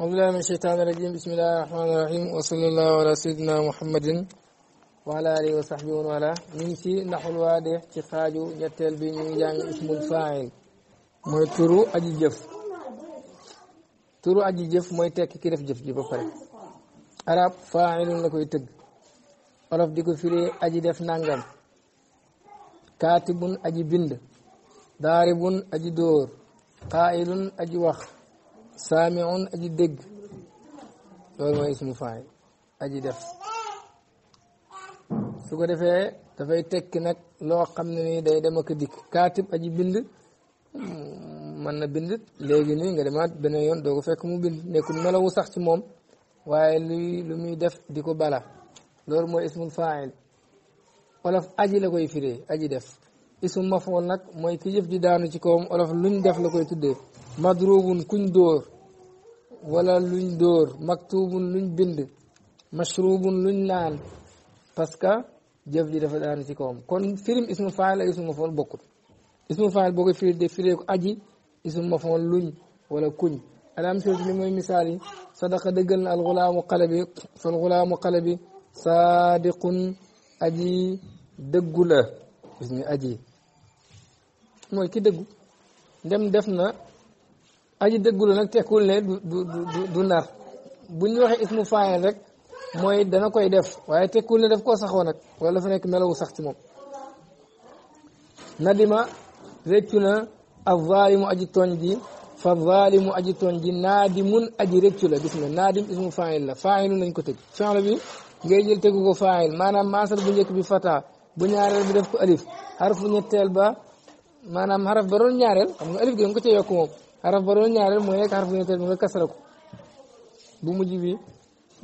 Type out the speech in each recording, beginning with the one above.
أعوذ بالله من الشيطان الرجيم بسم الله الرحمن الرحيم وصلى الله على سيدنا محمد وعلى آله وصحبه وعلى من شي نحو الواضح ci xaaju ñetteel bi ñu jàng ismul faa'il mooy turu aji jëf turu aji jëf mooy tekki ki def jëf ji ba pare arab faa'ilun la koy tëgg olof di ko firi aji def nangam kaatibun aji bind daaribun aji dóor qaa'ilun aji wax saamiun aji dégg loolu mooy ismu faay aji def su ko defee dafay tekki nag loo xam ne nii day dem ak dikk kaatib aji bind hmm, mën na bind léegi nii nga demaat beneen yoon doo ko fekk mu bind nekkul melawu sax ci moom waaye luy lu muy def di ko bala loolu mooy ismul faayil olof aji la koy firee aji def ismu mafool nag mooy ki jëf ji daanu ci kawam olof luñ def la koy tuddee madrubun kuñ dóor wala luñ dóor maktubun luñ bind mashrubun luñ naan parce que jëf ji dafa daanu ci kawam kon firim ismu faal ak ismu mafoon bokkut ismu faal boo ko firi de firee ko aji ismu mafoon luñ wala kuñ alam soti li mooy misaal yi sadaqa dëggal na alxulaamu xale bi fal xulaamu xale bi saadiqun aji dëggu la gis nga aji mooy ki dëggu ndem def na aji dëggu nag tekkul ne du du du nar bu ñu waxee ismu faayil rek mooy dana koy def waaye tekkul ne daf koo saxoo nag wala dafa nekk melow sax ci moom. nadima rëccu na ab zaalimu aji tooñ ji fa zaalimu aji tooñ ji naadimun aji rëccu la gis nga naadim ismu faayil la faayilu nañ ko tëj fi'l bi ngay jël tegu ko faayil maanaam maasal bu njëkk bi fata bu ñaareel bi def ko alif xarfu ñetteel ba maanaam xaraf ba doon ñaareel xam nga alif gi danga ko ca yokk moom. xaraf ba doon ñaareel mooy nekk xaraf bu ñetteel bi nga kasara ko bu mujj bi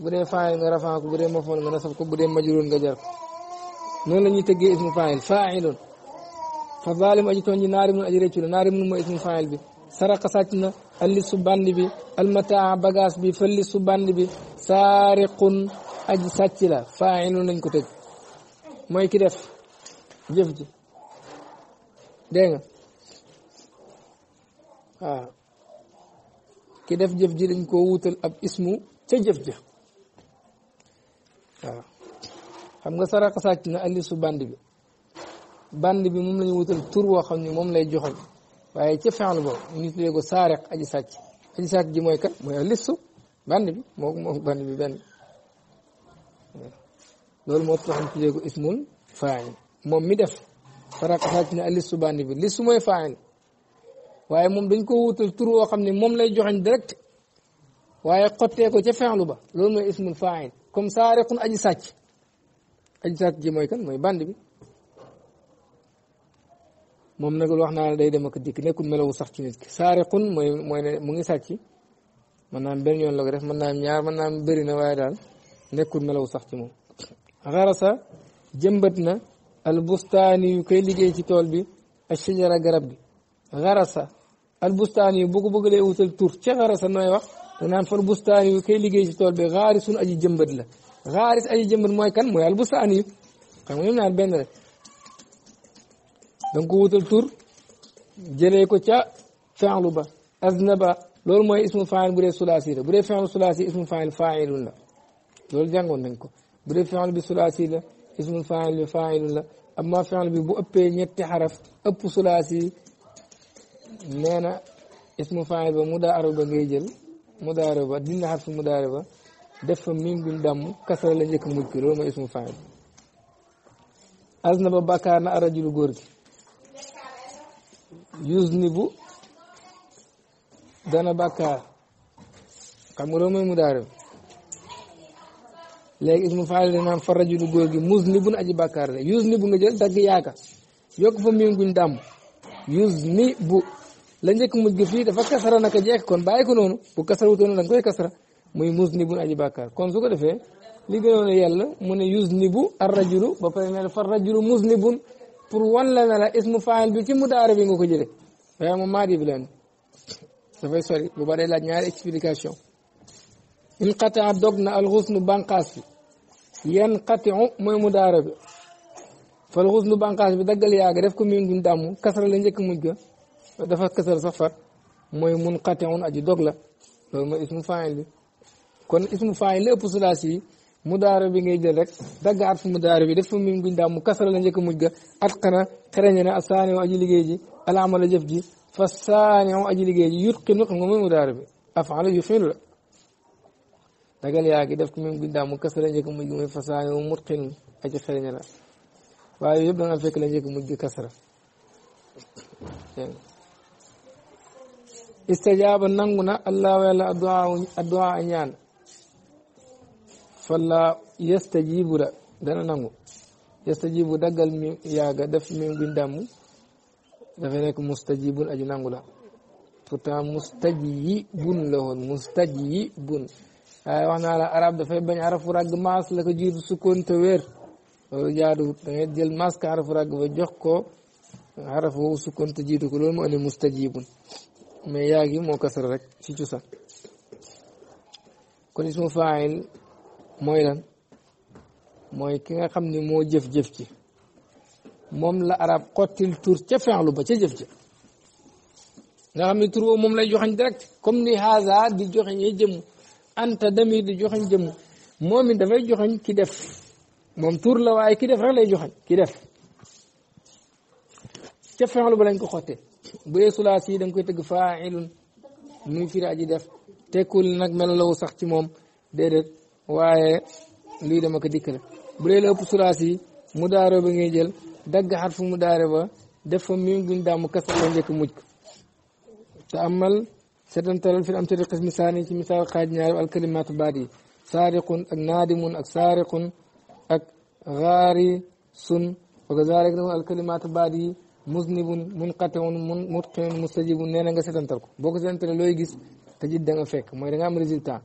bu dee faayil nga rafaa ko bu dee mafoon nga nasab ko bu dee majruur nga jar ko noonu la ismu faayil faayilun fa zalim aji tooñ ji naari mun aji rëccu la naari mun mooy ismu faayil bi saraqa sàcc na allisu bandi bi almataa bagage bi fallisu bandi bi saariqun aji sàcc la faayilun lañ ko tëgg mooy ki def jëf waaw ah. ki def jëf ji dañ koo wutal ab ismu ca jëf ja waaw ah. xam nga saraxa sàcc na andi su band bi band bi moom la ñu wutal tur xam ne moom lay joxoñ waaye ca fenl boobu mu ñu tuddee ko saareq aji sàcc aji sàcc ji mooy kat mooy alistu band bi moo moom band bi benn loolu moo tax ñu tuddee ko ismul faa'il moom mi def saraxa sàcc na alistu band bi listu mooy faa'il waaye moom dañ ko wutal tur woo xam ne moom lay joxañ direct waaye xottee ko ca fenlu ba loolu mooy ismul faail comme saariqun aji sàcc aji sàcc ji mooy kan mooy band bi moom nag wax naa la day dem ak dikk nekkul melawu sax ci nit ki saariqun mooy mooy ne mu ngi sàcc mën naa am benn yoon la ko def mën naa ñaar mën naa am bëri na waaye daal nekkul melawu sax ci moom xarasa jëmbat na albustaani yu koy liggéey ci tool bi ak garab bi xarasa albustaani bu ko bëggalee wutal tur ca xarasa nooy wax te naan fal bustaani yu koy liggéey ci tool bi xaari suñu aji jëmbat la xaaris aji jëmbat mooy kan mooy albustaani yu xam nga ñoom ñaar benn rek da nga ko wutal tur jëlee ko ca fenlu ba aznaba loolu mooy ismu faayil bu dee sulaasi la bu dee fenlu sulaasi ismu faayil faayilun la loolu jàngoon nañ ko bu dee fenlu bi sulaasi la ismu faayil bi faayilun bi bu ëppee ñetti xaraf ëpp nee na ismu faayil ba mudaaro ba ngay jël mudaaro ba dina xas daa ba def fa miim guñ dàmm kasara la njëkk mujj ko loolu mooy ismu faayil azna ba bàkkaar na góor gi yuznibu dana bàkkaar xam nga loolu mooy mudaaro léegi ismu faayil dana gi muznibun aji bàkkaar la nga jël dagg yaaka yokk fa miim guñ dàmm yuzni bu la njëkk mujj fii dafa kasara naka jekk kon bàyyi ko noonu bu kasara wutoon da nga koy kasara muy muznibun aji bàkkaar kon su ko defee li gënoon a yàlla mu ne yuznibu arrajulu ba pare ne fa rajulu muznibun pour wan la ne la ismu faayil bi ci mudaare bi nga ko jëlee waaye moom maa di bi leen dafay sori bu baree ñaari explication in qataa dog na alxusnu banqaas bi yan qatiu mooy mudaare bi fa banqaas bi daggal yaaga def ko miin guñ dàmm la njëkk mujj ga dafa kasar sax mooy mun xatewoon aji dog la loolu mooy ismu faayil bi kon ismu faayil la ëpp sulaas yi mudaara bi ngay jël rek dagg at fu mudaara bi def fa mim guñ daam mu kasara la njëkk muj ga at xana xereñe a saaniw aji liggéey ji alaamala jëf ji fa saaniw aji liggéey ji yut xinu xam nga mooy mudaara bi afaala yu xinu la dagal yaa ngi def ko mim guñ daam mu kasara la njëkk muj ga mooy fa saaniw mut xinu aji xereñe la waaye yëpp da nga fekk la njëkk muj kasara istadiaba nanguna allah wayalla a dowa a ñana falla yestadjibura dana nangu yestadjibu daggal mi yaaga def min windammu dafa nekk mustadjibun aju nangula pourtant mustadji bun la hon mustadji bun ay wax naala arab dafay bañ arafu ragg mas la ko jiitu sukkonte wér loolu jaadu dangay jël masque arafu ragg ba jox ko arafu sukkonte jiitu ko loolu mu ane mustadjibun mais yaa gi moo kasara rek ci cosaan kon ismu faayil mooy lan mooy ki nga xam ni moo jëf-jëf ci moom la arab xottil tur ca fenlu ba ca jëf ca nga xam ni tur moom lay joxeñ direct comme ni haza di joxeñee jëmm anta damir di joxeñ jëmm moom it dafay joxeñ ki def moom tur la waaye ki lay joxeñ ki def ca ba lañ ko xottee bu dee sulaas koy da nga koy tëgg faailun muy firi aji def tekkul nag melalawu sax ci moom déedéet waaye luy dama ko dikk la bu dee la ëpp sulaas yi mu daaroo ba ngay jël dagg xar fu mu daare ba def fa mim guñ daam mu kasal la njëkk mujj ko te amal setantalal am sedi xismi saani ci misaal xaaj ñaari alkalimaatu baat yi saariqun ak naadimun ak saariqun ak xaari sun wa kazalik alkalimaatu baat yi musnibun munqatiun mun mutqinun mustajibun nee na nga setantal ko boo ko setantalee looy gis te fekk mooy da nga am résultat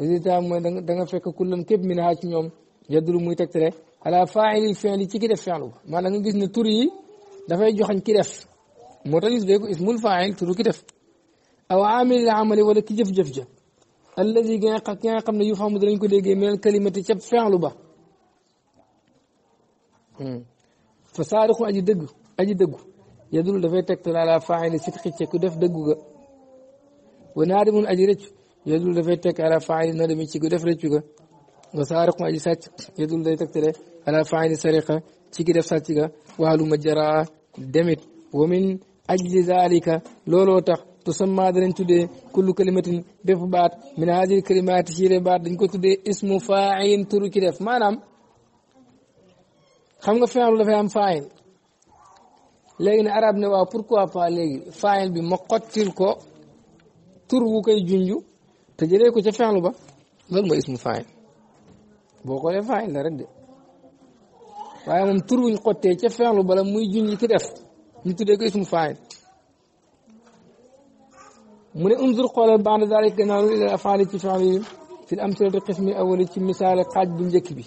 résultat mooy da da nga fekk kullan képp min haa ci ñoom yaddulu muy tegtale ala faa'ili fi'li ci ki def fi'lu maanaam nga gis ne tur yi dafay joxañ ki def moo tax ñu tuddee ko ismul faa'il turu ki def aw amilil amali wala ki jëf-jëf ja allazi gi nga xam ne yu famu danañ ko déggee minal kalimati ca fi'lu ba hmm. fa saariqu aji dëgg aji dëggu yadul dafay tegtal ala faa'ili sidqi ci ku def dëggu ga wa naadimun aji rëccu yadul dafay teg ala faa'ili nadami ci ku def rëccu ga wa saariqun aji sàcc yadul day tegtale ci ki def sàcc ma jaraa demit wa zalika looloo tax tusamma danañ tuddee kullu kalimatin bépp baat min haadil kalimaati ci baat dañ ko tuddee ismu faa'ilin turu ki def maanaam xam nga fi'lu dafay am faa'il léegi ne arab ne waa waaw pourquoi pas léegi faayil bi ma xottil ko tur wu koy junju te jëlee ko ca fexlu ba loolu mooy ismu faayil boo ko dee faayil la rek de waaye moom tur wuñ xottee ca fexlu bala muy junj ki def ñu tuddee ko ismu faayil mu ne unzur xoolal banda daalik gannaaw lu ilal afaali ci fexlu yi fi amsilati xismi awo ci misaale kaaj bu njëkk bi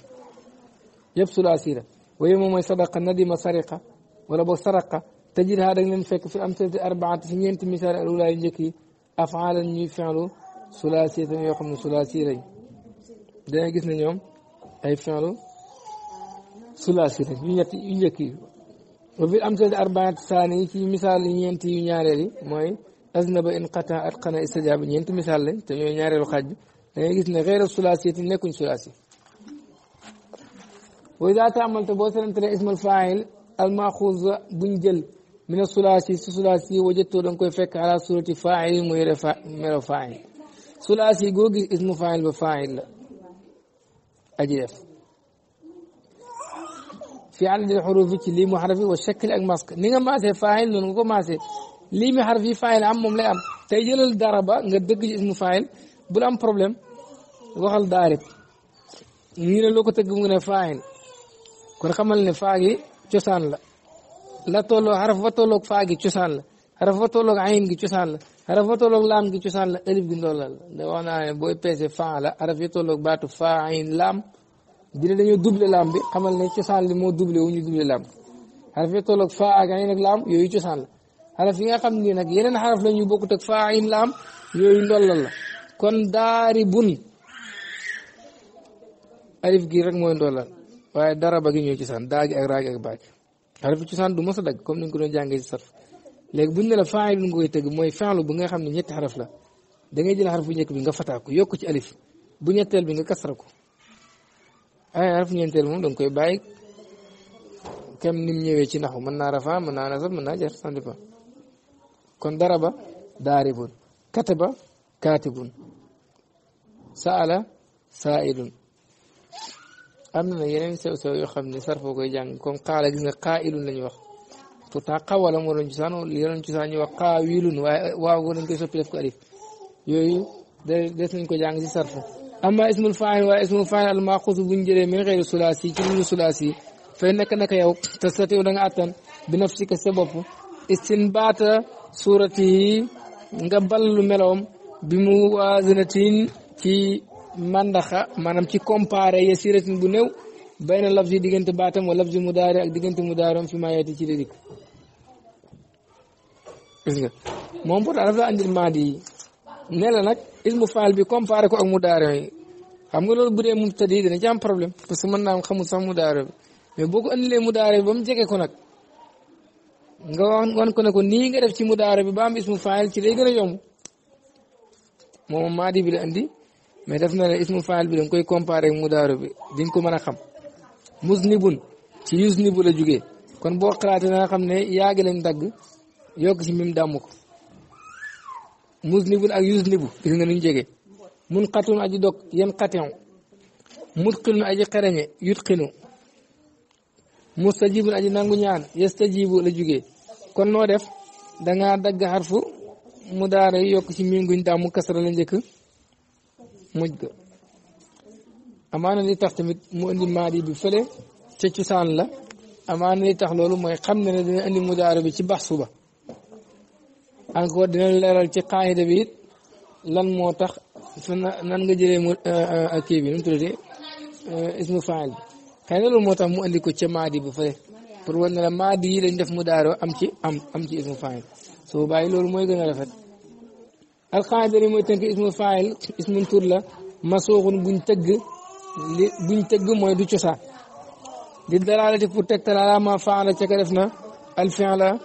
yëpp sulaasira waaye moom mooy sadaqa nadima sariqa ولا بو سرق تجد هذا لن فك في الامثله الاربعه في نينت مثال الاولى نجي افعال ني فعلوا ثلاثيه ني خم ثلاثي ري دا نغيس نيوم اي فعلوا ثلاثي ري ني نيت نجي وفي الامثله الاربعه الثانيه في مثال نينت نياريلي موي اذنب ان قطع القنا استجاب نينت مثال لا تي نياريلو خاج دا نغيس ني غير الثلاثيه نيكون ثلاثي وإذا تعملت بوسر انت اسم الفاعل الماخوذ بنجل من الثلاثي الثلاثي وجدت دنكو فك على سورة فاعل ميرفا ميرفا ثلاثي جوجي اسم فاعل بفاعل أجيف في عدد الحروف في لي محرفي والشكل اك ماسك نيغا ماسي فاعل نونغو ماسي لي محرفي فاعل ام موم لي ام تاي جيل الضربه نغا دك اسم فاعل بلا ام بروبليم وخال دارب ني لوكو تك مو فاعل كون خمل ني فاعل cosaan la la tolloo xaraf ba tolloog faa cosaan la xaraf ba tolloog ayin gi cosaan la xaraf ba tolloog laam gi cosaan la alif gi ndollal da wax naa ne booy la xaraf yi tolloog baatu faa ayin laam dina dañoo bi xamal ne cosaan li moo double wu ñu double yooyu cosaan la xaraf yi nga xam ni nag yeneen xaraf la ñu bokkut ak faa ayin laam yooyu ndollal la kon daari bun alif gi rek mooy ndollal waaye dara ba gi ñëw ci san daa gi ak raa gi ak baaj xarfu ci san du mos a dagg comme ni ko doon jàngee ci sarf léegi buñ ne la faayil nga koy tëgg mooy fenlu bu nga xam ne ñetti xaraf la dangay ngay jël xarfu bi nga fataa yokk ci alif bu ñetteel bi nga kasra ko ay xarfu ñeenteel moom da koy bàyyi kem ni ñëwee ci naxu mën naa rafa mën naa nasab mën naa jar ça dépend kon dara ba daaribun kataba kaatibun saala saailun am na yeneen sew sew yoo xam ne sarfoo koy jàng comme xaala gis nga xaa ilun la ñuy wax pourtant xawala moo doon cosaan yoroon cosaan ñu wax xaa wiilun waaye waaw go nañ koy soppi def ko alif yooyu des nañ ko jàng si sarfo amma ismul faa'il waaye ismul faa'il al maaxuus buñ min xeyri sulaasi ci lu sulaasi fay nekk naka yow te sa teew da nga attan bi nafsika sa bopp istinbaata suurati nga ballu meloom bi mu ci mandaxa maanaam ci comparé ya siratin bu néew bay na lafzi diggante baatam wa lafzi mudaari ak diggante mudaaram nga moom pourtant dafa la andil maadi yi ne la nag bi comparé ko ak mudaari yi nga loolu bu dee mubtadi dana ci am problème que mën naa am xamul sax mudaari bi mais ba mu jege ko nag nga wan ko ko nii nga def ci bi ba am ismu a yomb andi. mais def na ne ismu faal bi da nga koy comparé ak mudaaru bi diñ ko man a xam muznibun ci yuznibu la jugee kon boo xalaatee na xam ne yaagi lañ dagg yokk ci mim dàmm ko muznibun ak yuznibu gis nga nuñ jege mun xatun aji dog yan xatin mutqinun aji xereñe yutqinu mustajibun aji nangu ñaan yastajibu la jugee kon noo def da ngaa dagg xarfu mudaara yi yokk ci mim guñ dàmm kasara la njëkk mujj ga amaana li tax tamit mu indi maadi bi fële ca cosaan la amaana li tax loolu mooy xam ne ne dina indi mudaara bi ci bax suba encore dina leeral ci qaayida bi it lan moo tax su nan nga jëlee mu euh, euh, kii bi nu mu tuddati euh, faayil bi xëy na moo tax mu indi ko ca maadi bu fële pour wan ne la maadi yi lañ def mudaara am ci am am ci ismu faayil soo bàyyi loolu mooy gën a rafet القادر موي تنك اسم فاعل اسم تور لا مسوغ بنتج تگ بن تگ موي دو تشا دي دلاله على ما فاعل تك دفنا على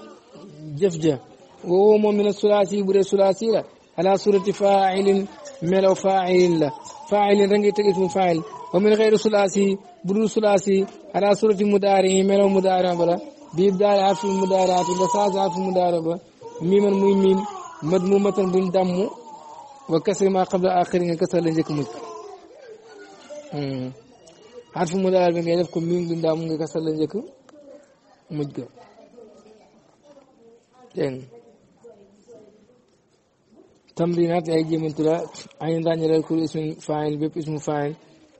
جف جا وهو من الثلاثي بر الثلاثي لا على صورة فاعل ملو فاعل لا فاعل رنگ تك اسم فاعل ومن غير الثلاثي بر الثلاثي على صورة مدارى ملو مدار بلا بيدار عفو مدارات ولا ساز عفو مدار بلا ميم الميم mët mu matan buñ dàmm wa kasri ma qabla axiri nga kasar la njëkk mujj hmm. xarfu mu daal bi ngay def ko miim buñ dàmm nga kasar la njëkk mujj ga dégg tamrinaat ay jéemantu la ay ndaañaleel kul ismu faayil bépp ismu faayil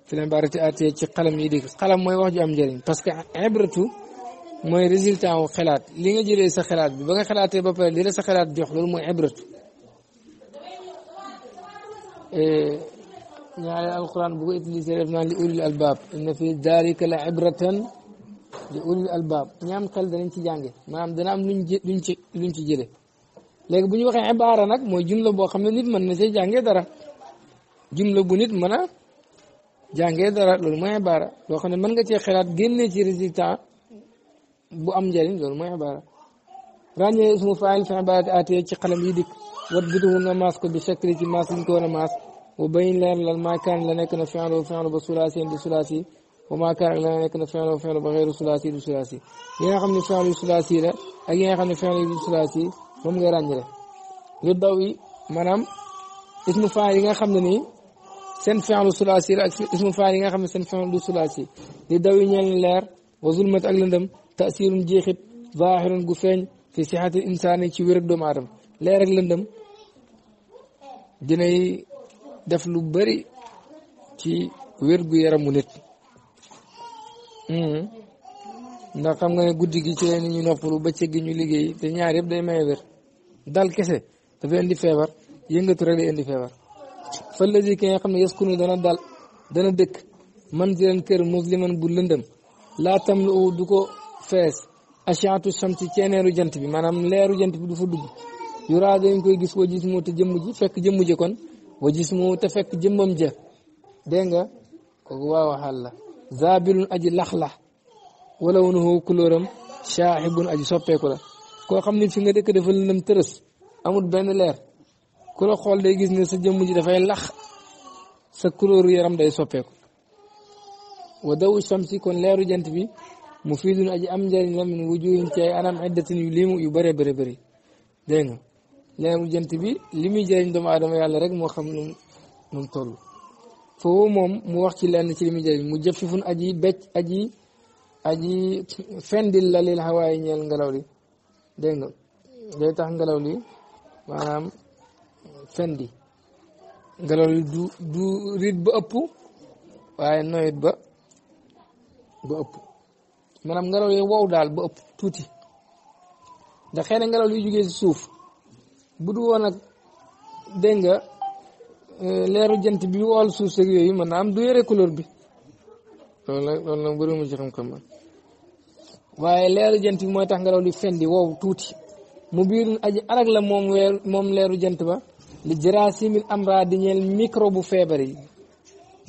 fi leen baarati ci xalam yi dikk xalam mooy wax ju am njëriñ parce que ibratu mooy résultat wu xalaat li nga jëlee sa xalaat bi ba nga xalaatee ba pare li la sa xalaat jox loolu mooy ibrat ñaare alquran bu ko utilisé def naan li ulil albab inna fi dalika la ibratan li ulil albab ñaam xel danañ ci jànge maanaam dana am luñ luñ ci luñ ci jële léegi bu ñu waxee ibaara nag mooy jumla boo xam ne nit mën na see jàngee dara jumla bu nit mën a jàngee dara loolu mooy ibaara loo xam ne mën nga cee xalaat génnee ci résultat bu am njëriñ loolu mooy xibaara ràññee ismu faayil fi xibaara aatee ci xalam yi dikk wat guduhu nga maas ko bi shakli ci maas liñ ko war a maas wa bayin leer lan maakaan la nekk na fi'lu fi'lu ba sulaasi di sulaasi wa maakaan la nekk na fi'lu fi'lu ba xeeru sulaasi di sulaasi yi nga xam ne fi'lu sulaasi la ak yi nga xam ne fi'lu di sulaasi moom nga ràññale lu daw yi maanaam ismu faayil yi nga xam ne nii seen fi'lu sulaasi la ak ismu faayil yi nga xam ne seen fi'lu du sulaasi li daw yi ñeel leer wa zulmat ak lëndëm taasirun jeexit zaahirun gu feeñ fi sixati insaani ci wér ak doomu aadama leer ak lëndëm dinay def lu bari ci wér yaramu nit hmm. ndax xam nga ne guddi gi ci leen ñu noppalu bëccëg gi ñu liggéey te ñaar yëpp day ma wér dal kese dafay indi feebar yëngatu rek day indi feebar fa lësi ki nga xam ne yaskunu dana dal dana dëkk man di leen kër musliman bu lëndëm laa tam lu fees asiatu shamsi ceeneeru jant bi maanaam leeru jant bi du fa dugg yuraa dañ koy gis wa gis moo te jëmm ji fekk jëmm ji kon wa gis moo te fekk jëmmam ja dégg nga kooku waa waxal la zabilun aji laxla wala wonuhu kulóoram shaahibun aji soppeeku la koo xam ne fi nga dëkk dafa lëndëm tërës amul benn leer ku la xool day gis ne sa jëmm ji dafay lax sa kulóoru yaram day soppeeku wa daw shamsi kon leeru jant bi mufidun aji am njëriñ la min wujuhin ci ay anam iddatin yu limu yu bëree bëri bëri dégg nga leemu jant bi li muy jëriñ doomu aadama yàlla rek moo xam nu nu mu toll foofu moom mu wax ci lenn ci li muy jëriñ mu jëfifun aji becc aji aji fendil la lil xawaayi ñeel ngelaw li dégg nga tax ngelaw li maanaam fendi ngelaw du du rit ba ëpp waaye noyit ba ba ëpp maanaam ngelaw li wow daal ba ëpp tuuti da xëy na ngelaw yi jógee si suuf bu du woon ak dégg nga euh, leeru jant bi wol suuf seg yooyu mën naa am du yore couleur bi loolu waaye leeru jant bi mooy tax ngelaw yi fendi wow tuuti mu biir aj arag la moom leeru jant ba li jarasimil amra di bu feebar yi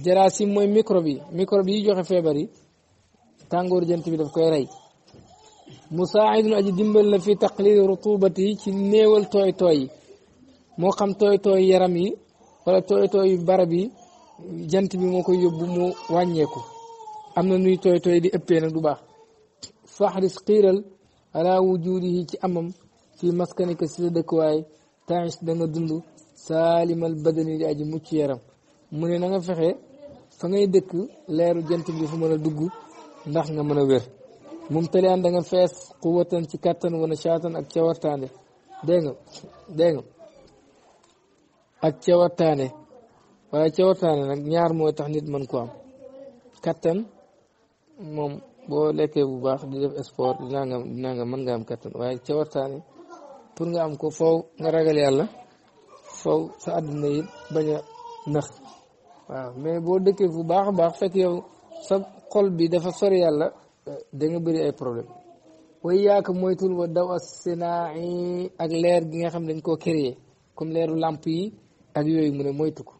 jarasim mooy microbe yi microbe yi joxe feebar yi tàngooru jant bi daf koy rey musaidun aji dimbal na fi taqlil rutubati ci néewal tooy tooy yi moo xam tooy tooy yaram yi wala tooy tooy barab yi jant bi moo koy yóbbu mu wàññeeku am na nuy tooy tooy di ëppee nag du baax faxris xiiral ala wujudihi ci amam fi maskanika si sa dëkkuwaay tans da dund dund saalimal badani di aji mucc yaram mu ne na fexe fa dëkk leeru jant bi fu mën a dugg ndax nga mën a wér mum talian da nga fees quwatan ci kattan wana shaatan ak cawartaane dégg nga dégg nga ak cawartaane waaye cawartaane nag ñaar mooy tax nit mën ko am kattan moom boo lekkee bu baax di def sport dinaa nga nga mën nga am kattan waaye cawartaane pour nga am ko faw nga ragal yàlla faw sa àddina yi bañ nax mais boo dëkkee bu baax baax fekk yow sa xol bi dafa sori la danga nga bëri ay problème way yaaka moytul wa daw as sinai ak leer gi nga xam dañ koo créer comme leeru làmp yi ak yooyu mu ne moytu ko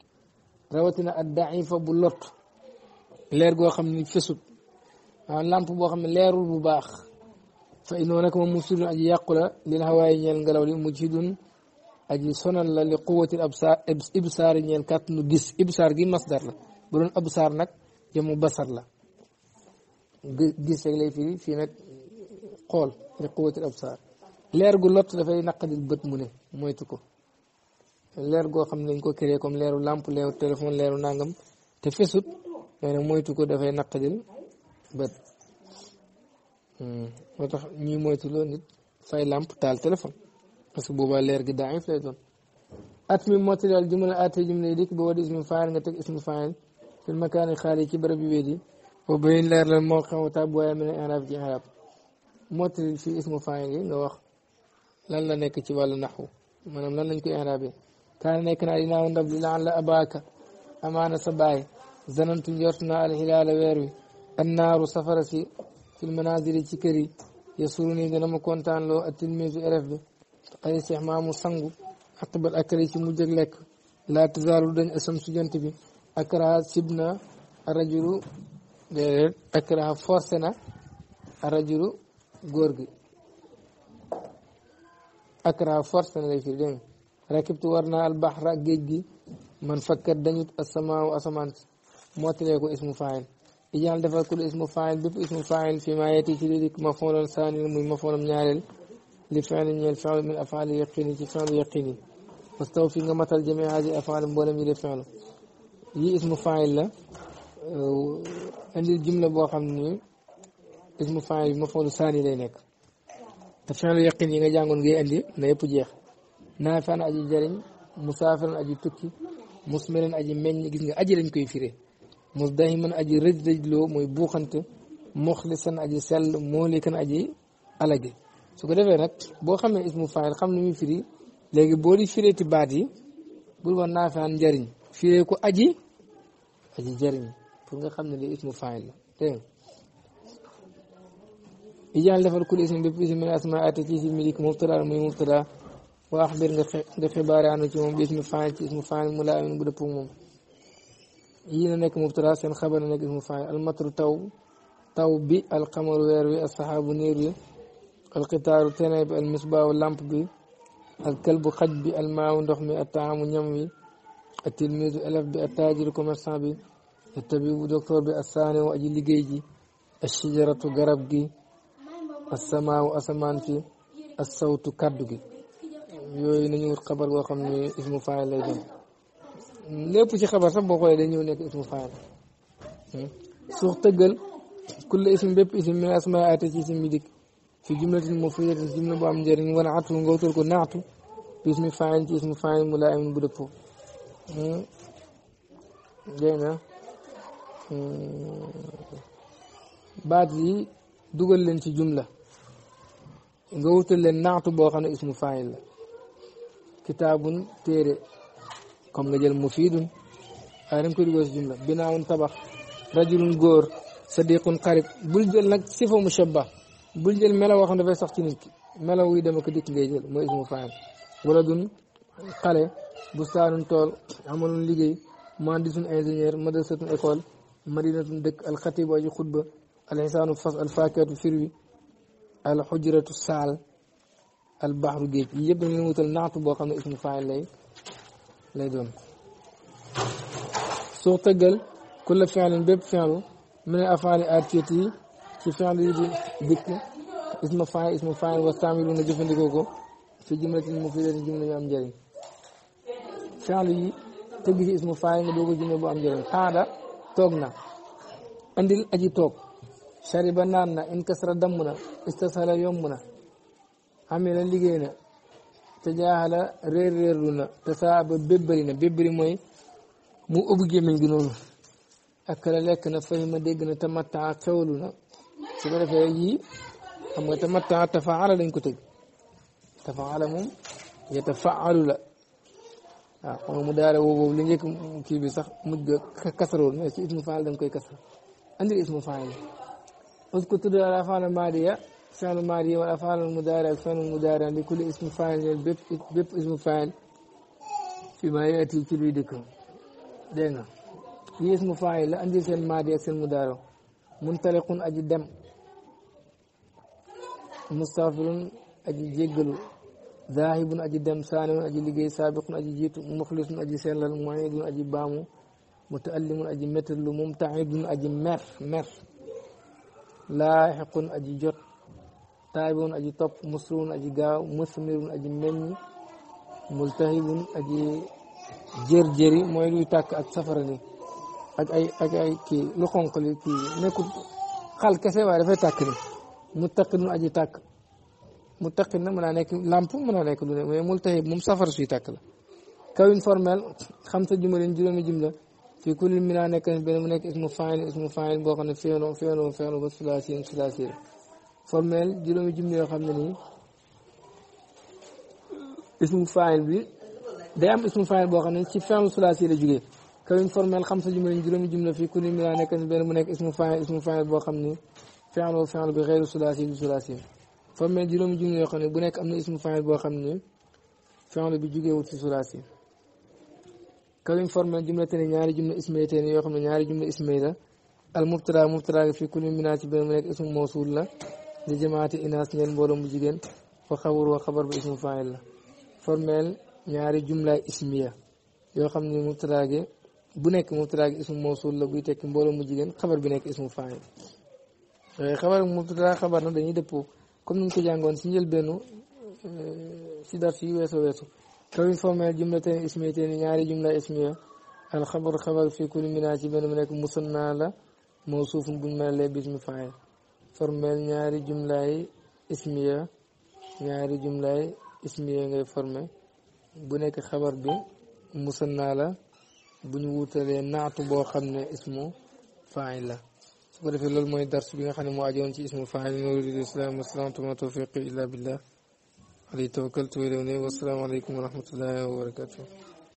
rawatina ak daifa bu lot leer goo xam ni fësut waaw ah, làmp boo xam ne leerul bu baax fa inoo nag moom mufsidun aji yàqu la lil hawaayi ñeel ngelaw li mujhidun aji sonal la li quwatil absaar ibsaar ñeel kàttanu gis ibsaar gi masdar la bu doon absaar nag jëmu basar la جيسك لي في في نك قول لقوة الأبصار لير قول لبت دفعي نقد البت مني مويتكو لير قول خمد نكو كريكم لير لامب لير تلفون لير نانغم تفسد يعني مويتكو دفعي نقد البت متخ ني مويتلو نت فاي لامب تال تلفون بس بوبا لير قداعي فلايتون أتمي موتي الجملة آتي جملة ديك بوادي اسم فاعل نتك اسم فاعل في المكان الخارجي برابي بيدي وبين لير الموقع وتاب ويا من الاعراب دي اعراب موت في اسمه فاعل لا لنا لان لا نحو من لنا نكو اعرابي كان نيك نادي ناو ندب لعل اباك امانه صباي زننت يورتنا الهلال ويروي النار سفرسي في المنازل تكري يسرني دنم كونتان لو التلميذ ارف دي قيس استحمام سانغو اطب الاكل في مجر لك لا تزال اسم سجنت بي سبنا سيبنا الرجل déedéet takraha forcé na góor gi akraha forcé na lay firi dégg rakibtu war naa albaxra géej gi man fakkat dañut asamaaw asamaan mootilee ko ismu faayil ijaal defal ku ismu faayil bépp ismu faayil fi maa yeeti ci lidik mafoolon saanil muy mafoolom ñaareel li fiil ñeel fiil min afaali yaqini ci fiil yaqini wastaw fi nga matal jëmee haaji afaal mboolem yi de fiil yi ismu faayil la Euh, indil jumla boo xam ni ismu faay bi ma foolu saani lay nekk te fi'lu yaqin yi nga jàngoon ngay indi na yëpp jeex naafaan aji jariñ musaafiran aji tukki musmiran aji meññ gis nga aj aji lañ koy firé musdahiman aj rëj rëjloo mooy buuxante muxlisan aji sell moolikan aji alage su ko defee nag boo xam ne ismu faayil xam ni muy firi léegi boo di fireeti baat yi bul wax naafaan njariñ firee ko aji jariñ nga xam ne lii ismu fa'il la dégg nga yàlla defal kul ism bépp ism min asma ati ci ism lik mubtada muy mubtada wa akhbir nga xibaare anu ci mom bi ismu fa'il ci ismu fa'il mu laa amin bu dëpp moom yii na nek mubtada seen xabar na nekk ismu al matru taw taw bi al qamar weer wi alsaxaabu niir wi al alqitaaru tene bi almisbaaw lamp bi al kalbu xaj bi almaaw ndox mi at attaamu ñam wi التلميذ ألف بأتاجر كما بي tabibu docteur bi assaane wu aji liggéey ji ashijaratu garab gi assamaawu asamaan fi assawtu kaddu gi yooyu nañu wut xabar boo xam ne ismu faayil lay doon lépp ci xabar sax boo xoolee day ñëw nekk ismu faayil hmm? suux tëggal kulle ism bépp ism min asmaa aate ci ism yi dikk fi jumlatin mufiidatin jumla bu am njëriñ wana atu nga wutal ko naatu bi ismu faayil mu laa bu dëppoo hmm? baat yi dugal leen ci jumla nga wutal leen naatu boo xam ne ismu faayil la kitaabun téere comme nga jël mufiidun waaye da nga koy dugal ci jumla binaawun tabax rajulun góor sadiqun xarib bul jël nag sifa mushabba bul jël melaw waxam dafay sax ci nit ki melaw wuy dem ak dikk ngay jël mooy ismu faayil waladun xale bustaanun tool amalun liggéey muhandisun ingénieur madrasatun école madinatun dëkk alxatibu aji xutba alxisaanu fas alfaakatu fir wi alxujratu saal albaxru géej yi yëpp dañu leen wutal naatu boo xam ne ismu faayil lay lay doon soo tëggal kulla fiilin bépp fiilu mu ne afaali artiet yi ci fiil yi di dikk ismu faayil ismu faayil wastaamilu na jëfandikoo ko fi jumlatin mufiidatin jumla yu am njëriñ fiil yi tëgg ci ismu faayil nga doo ko jumla bu am njëriñ toog na andil aji toog shariba naan na inkasara damm na istasala yomb na xamila liggéey na te jaaxala réer réerlu na te saa na bébbali mooy mu ëbbu gémmiñ gi noonu akala lekk na fahima dégg na tamattaa xewlu na su ko defee yii xam nga tamattaa tafaala lañ ko tëg tafaala moom yatafalu la waaw xam nga mu daara woo kii bi sax mujj ga kasaroon mais ci ismu faal da nga koy kasar andil ismu faal yi parce que tudd al afaal maadiya fi'l maadiya wal afaal mudaari ak fi'l li kulli ismu faal ñeel bépp ismu faal fi ma yaati ci luy dëkk dégg nga lii ismu faal la andil seen maadiya ak seen mudaari muntaliqun aji dem mustafirun aji jéggalu zaahibun aji dem saaniun aji liggéey saabiqun aji jiitu muxlisun aji sellal muidun aji baamu mutaallimun aji méttatlu mumtaidun aji mer mer laaxiqun aji jot taabirun aji topp musruun aji gaaw musmirun aji meññ multahibun aji jër-jëri mooy luy tàkk ak safara ni ak ay ak ay kii lu xonq li kii nekkul xal kese waaye dafay tàkk ni muttaqidun aji tàkk muttaqin na mën naa nekk làmp mën naa nekk lu ne mais multahib moom safara suy tàkk la kaw informel xam sa jumla leen juróomi jumla fii kulli mi naa nekk benn mu nekk ismu faayil ismu faayil boo xam ne feeno feeno feeno ba sulaasiin sulaasiin formel juróomi jumla yoo xam ne nii ismu faayil bi day am ismu faayil boo xam ne ci feeno sulaasiin la jógee kaw informel xam sa jumla leen juróomi jumla fii kulli mi naa nekk benn mu nekk ismu faayil ismu faayil boo xam ne feeno feeno bi xeeru sulaasiin bi sulaasiin formel juróomi jumla yoo xam ne bu nekk am na ismu faayil boo xam ne fi'l bi jugee wut si suraas yi kalim formel jumla te ne ñaari jumla ismaytayni yoo xam ne ñaari jumla ismay al mubtada mubtada ga fii kulli minaa ci benn mu nekk ismu mawsuul la di jamaati inaas ñeen mbooloo mu jigéen wa xabar wa xabar ba ismu la formel ñaari jumla ismiya yoo xam ne mubtada bu nekk mubtada gi ismu mawsuul la buy tekki mbooloo mu jigéen xabar bi nekk ismu faayil xabar mubtada xabar na dañuy dëppoo comme ni ñu ko jàngoon si njëlbeenu si dars yi weesu weesu kaw in formel jumlatayn ismiyatayn ñaari jumla ismiya al xabar xabar fi kulli mina ci benn mu nekk musanna la mawsuufun buñ mën a lee bismi faayil formel ñaari jumlaay ismiya ñaari jumlaay ismiya ngay formé bu nekk xabar bi musanna la bu ñu wutalee naatu boo xam ne ismu faayil la su ko defee loolu mooy darsu bi nga xam ne moo ajoon ci ismu faa'il ma uriidu islaam wasalaamtu ma tawfiqi illa billah alayhi tawakkaltu wa ilayhi unib wassalaamu aleykum wa rahmatullahi wa barakatuh